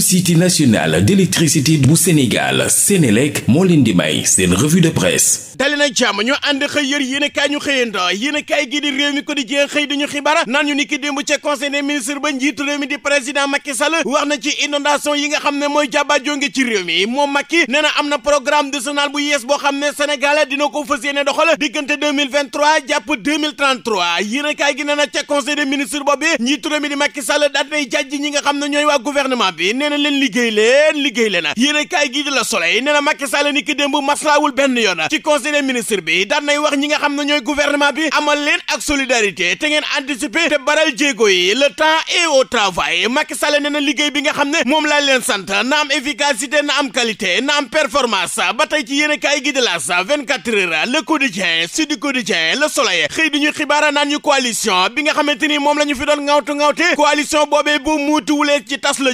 société nationale d'électricité bu Sénégal Sénélec moo leen seen revue de presse dali na jàmm ñu xëy yër yéen kaay ñu xëyando yéen kaay gi di réew ko di jeex xëy di ñu xibaar naan ni ki démb ca conseil des ministres ba njiitu réew di président Macky wax na ci inondation yi nga xam ne mooy jàbaa jonge ci réew mi moom Macky am na programme décennal bu yees boo xam ne Sénégal dina ko fas yéene doxal diggante 2023 jàpp 2033 yéen kaay gi nee nee leen liggéey leen liggéey leen yéen a kaay gii di la Soleil nee na Macky Sall ni ki démb benn yoon ci conseil des ministres bi daan nay wax ñi nga xam ne ñooy gouvernement bi amal leen ak solidarité te ngeen anticiper te baral jéego yi le temps est au travail Macky Sall na liggéey bi nga xam ne moom laa leen sant na am efficacité na am qualité na am performance ba tey ci yéen a kaay gii di la sa 24 heures le quotidien Sud Quotidien le Soleil xëy di ñu xibaara naan ñu bi nga xamante ni moom la ñu fi doon ŋawtu ŋawte coalition boobee bu muutuwulee ci tas la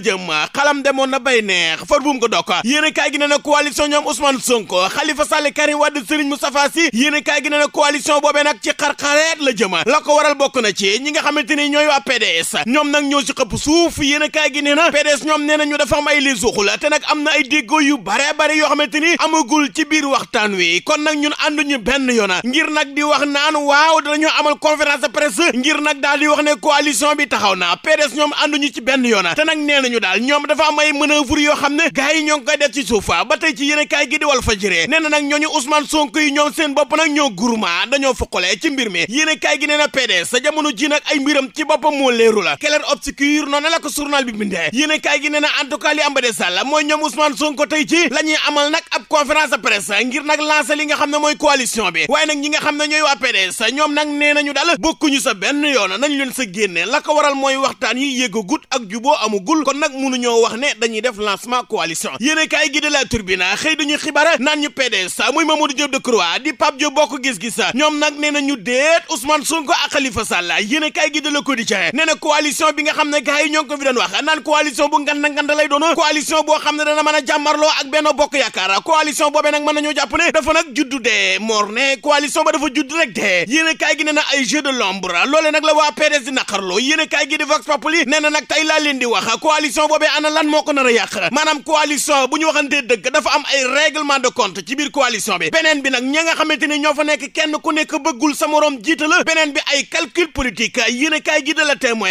xalam demoon na bay neex far buum ko dokk yéen kaay gi ne na coalition ñoom Ousmane Sonko Khalifa Sall Karim Wade Serigne Moustapha Sy yéen kaay gi ne na coalition boobee nag ci xarxareet la jëma la ko waral bokk na ci ñi nga xamante ni ñooy waa PDS ñoom nag ñoo si xëpp suuf yéen kaa gi ne na PDS ñoom nee na ñu dafa am ay suuxula te nag am na ay déggoo yu bare bare yoo xamante ni amagul ci biir waxtaan wi kon nag ñu ñun ànduñu benn yoona ngir nag di wax naan waaw danañu amal conférence de presse ngir nag daal di wax ne coalition bi taxaw na PDS ñoom ànduñu ci benn yoona te nag nee nañu daal ñoom ñoom dafa am ay manœuvre yoo xam ne gars yi ñoo ngi koy def ci suufa ba tey ci yéen kaay gi di wal fa jiree nee na nag ñooñu Ousmane Sonko yi ñoom seen bopp nag ñoo groupement dañoo fokkale ci mbir mi yéen kaay gi nee na PDS sa jamono ji nag ay mbiram ci boppa moo leeru la clair obscur noonu la ko journal bi bindee yéen kaay gi nee na en tout cas li am ba des la mooy ñoom Ousmane Sonko tey ci la amal nag ab conférence de ngir nag lancer li nga xam ne mooy coalition bi waaye nag ñi nga xam ne ñooy waa PDS ñoom nag nee nañu daal bokkuñu sa benn yoon nañ leen sa génne la ko waral mooy waxtaan yi yéggagut ak juboo amugul kon nag mënuñu ñoo wax ne dañuy def lancement coalition yéen kaay gi de la turbine xëy dañu xibaar naan ñu PDS muy Mamadou Diop Decroix di Pape Diop bokk gis-gis ñoom nag nee ñu déet Ousmane Sonko ak Khalifa Sall yéen kaay gi de la Quotidien nee na coalition bi nga xam ne gars yi ñoo ngi wax naan coalition bu boo xam ne dana mën a jàmmarloo ak bokk yaakaar coalition boobee nag mën nañoo jàpp dafa nag juddu dee moor ne coalition dafa judd rek dee yéen ana lan moo ko nar a yàq maanaam coalition bu ñu waxantee a kaay gi de la témoin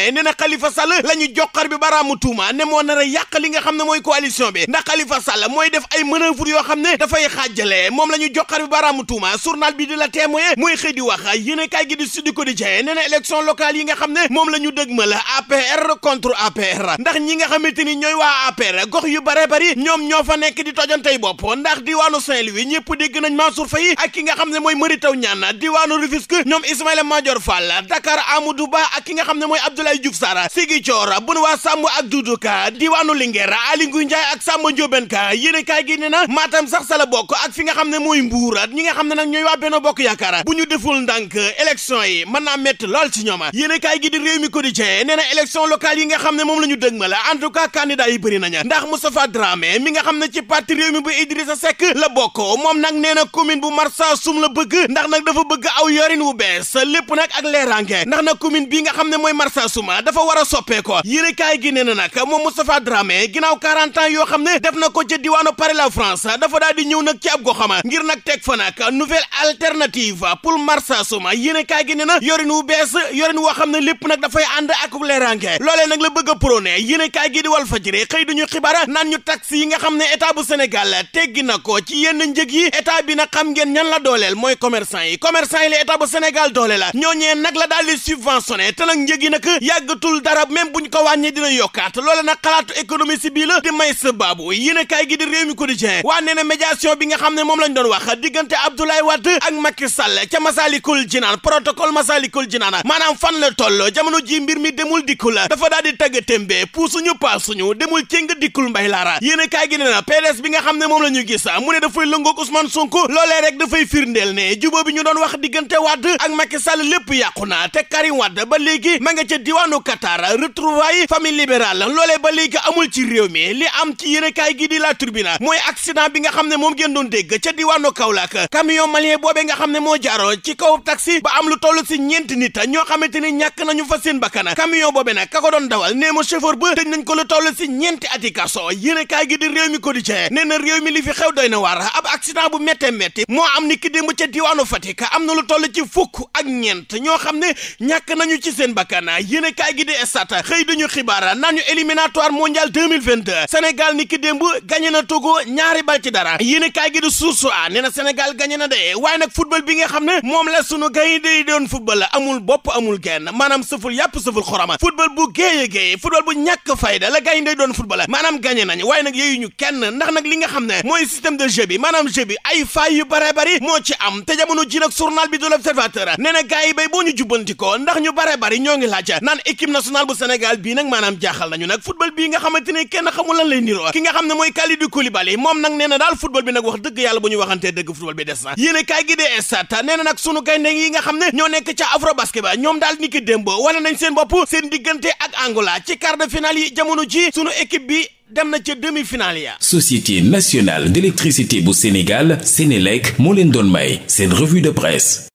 joxar bi baraamu tuuma ne moo nar yàq li nga xam ne mooy coalition bi ndax Khalifa Sall mooy def ay manœuvre yoo xam ne dafay xaajale moom la ñu joxar bi baraamu tuuma journal bi di la témoin mooy xëy di wax yéen a kaay gi di Sud Quotidien nee na élection locale yi nga xam ne moom la ñu dëgmal APR contre APR ndax ñi nga xamante ni ñooy waa APR gox yu bare bari ñoom ñoo fa nekk di tojantey bopp ndax diwaanu Saint-Louis ñëpp dégg nañ Mansour Faye ak ki nga xam ne mooy Mary Teuw Niane diwaanu Rufisque ñoom Ismaïla Madior la Dakar Amadou Ba ak ki nga xam ne mooy Abdoulaye Diouf Sarr Ziguinchor Benoît Sambou ak Doudou Ka diwaanu Linguère Aly Ngouille ak Samba Ndiobène Ka yéene kaay gi ne na Matam sax sa bokk ak fi nga xam ne mooy Mbour ñi nga xam ne nag ñooy waa Benno Bokk Yaakaar bu ñu deful ndànk élection lool ci ñooma yéene kaay gi na élection locale moom la ñu dëgmal candidat yi bëri nañu bu Idrissa Seck la bokk moom nag nee na commune bu Marsassoum la bëgg ndax nag dafa bëgg aw yorin wu bees lépp nag ak leeraange ndax nag commune bii nga xam ne mooy a soppeeko yéene kaay gi nee na moom Moustapha Dramé ginnaaw 40 yoo xam ne na ko ca dafa daal ñëw nag ci ab ngir nag teg fa nag nouvelle alternative pour Marsassoum yéene kaay gi nee yorin wu bees yorin woo ne lépp nag dafay ànd ak leeraange loolee nag la bëgg a prôné kaay gi di Walf Walfadjri xëy du duñu xibara naan ñu taxe yi nga xam ne état bu Sénégal teggi na ko ci yenn njëg yi état bi nag xam ngeen ñan la dooleel mooy commerçant yi commerçant yi la état bu Sénégal doole la ñooñee nag la daal di subventionné te nag njëg yi nag yàggatul dara bu ñu ko wàññi dina yokkaat loola nag xalaatu économie si bii la di may sa baabu yéen kaay gi di réew mi quotidien waa nee na médiation bi nga xam ne moom lañ doon wax diggante Abdoulaye Wade ak Macky Sall ca Masalikul Jinaan protocole Masalikul Jinaan maanaam fan la toll jamono ji mbir mi demul dikku la dafa daal di tagg témbe puusuñu paasuñu Fillon demul ci nga dikkul mbay laara yéen a kaay gi nee na bi nga xam ne moom la ñu gis mu ne dafay lëngoog Ousmane Sonko loolee rek dafay firndeel ne jubóo bi ñu doon wax diggante Wade ak Macky Sall lépp yàqu na te Karim Wade ba léegi ma nga ca diwaanu Qatar retrouvaille famille libérale loolee ba léegi amul ci réew mi li am ci yéen a kaay gi di la turbina mooy accident bi nga xam ne moom ngeen doon dégg ca diwaanu Kaolack camion malien boobee nga xam ne moo jaaroo ci kaw taxi ba am lu toll si ñeenti nit ñoo xamante ni ñàkk nañu fa seen bakkan camion boobee nag ka ko doon nañ ko lu toll si ñeenti ati kaso yéen kaay gi di réew mi quotidien nee na réew mi li fi xew doy na waar ab accident bu méttee métti moo am ni ki démb ca diwaanu Fatick am na lu toll ci fukk ak ñeent ñoo xam ne ñàkk nañu ci seen bakkan yéen kaay gi di Stades xëy dañu xibaar naan ñu éliminatoire mondial 2022 Sénégal ni ki démb gagné na Togo ñaari bal ci dara yéen kaa gi di Source A nee senegal Sénégal na de waaye nag football bi nga xam ne moom la sunu gaynde yi doon football amul bopp amul genn maanaam sëful yàpp sëful xorama football bu géeye bu ñàkk fayda la gaynde yi doon football maanaam gagné nañ waaye nag yooyu ñu kenn ndax nag li nga xam ne mooy système de jeu bi maanaam jeu bi ay failles yu bare bari moo ci am te jamono ji nag journal bi du l'observateur nee na boo ñu jubbanti ko ndax ñu bare bari ñoo ngi laaj naan équipe nationale bu Sénégal bii nag maanaam jaaxal nañu nag football bii nga xamante ne kenn xamul lan lay niroo ki nga xam ne mooy Kalidou Koulibaly moom nag nee na daal football bi nag wax dëgg yàlla bu ñu waxantee dëgg football bi na yéene kaay gi na nag ne ñoo nekk ca Afrobasket ba ñoom daal niki démb wane nañ seen bopp seen diggante ak Angola bi sunu équipe bi dem na ca demi-finale ya société nationale d'électricité bu Sénégal Sénélec moo leen doon may seen revue de presse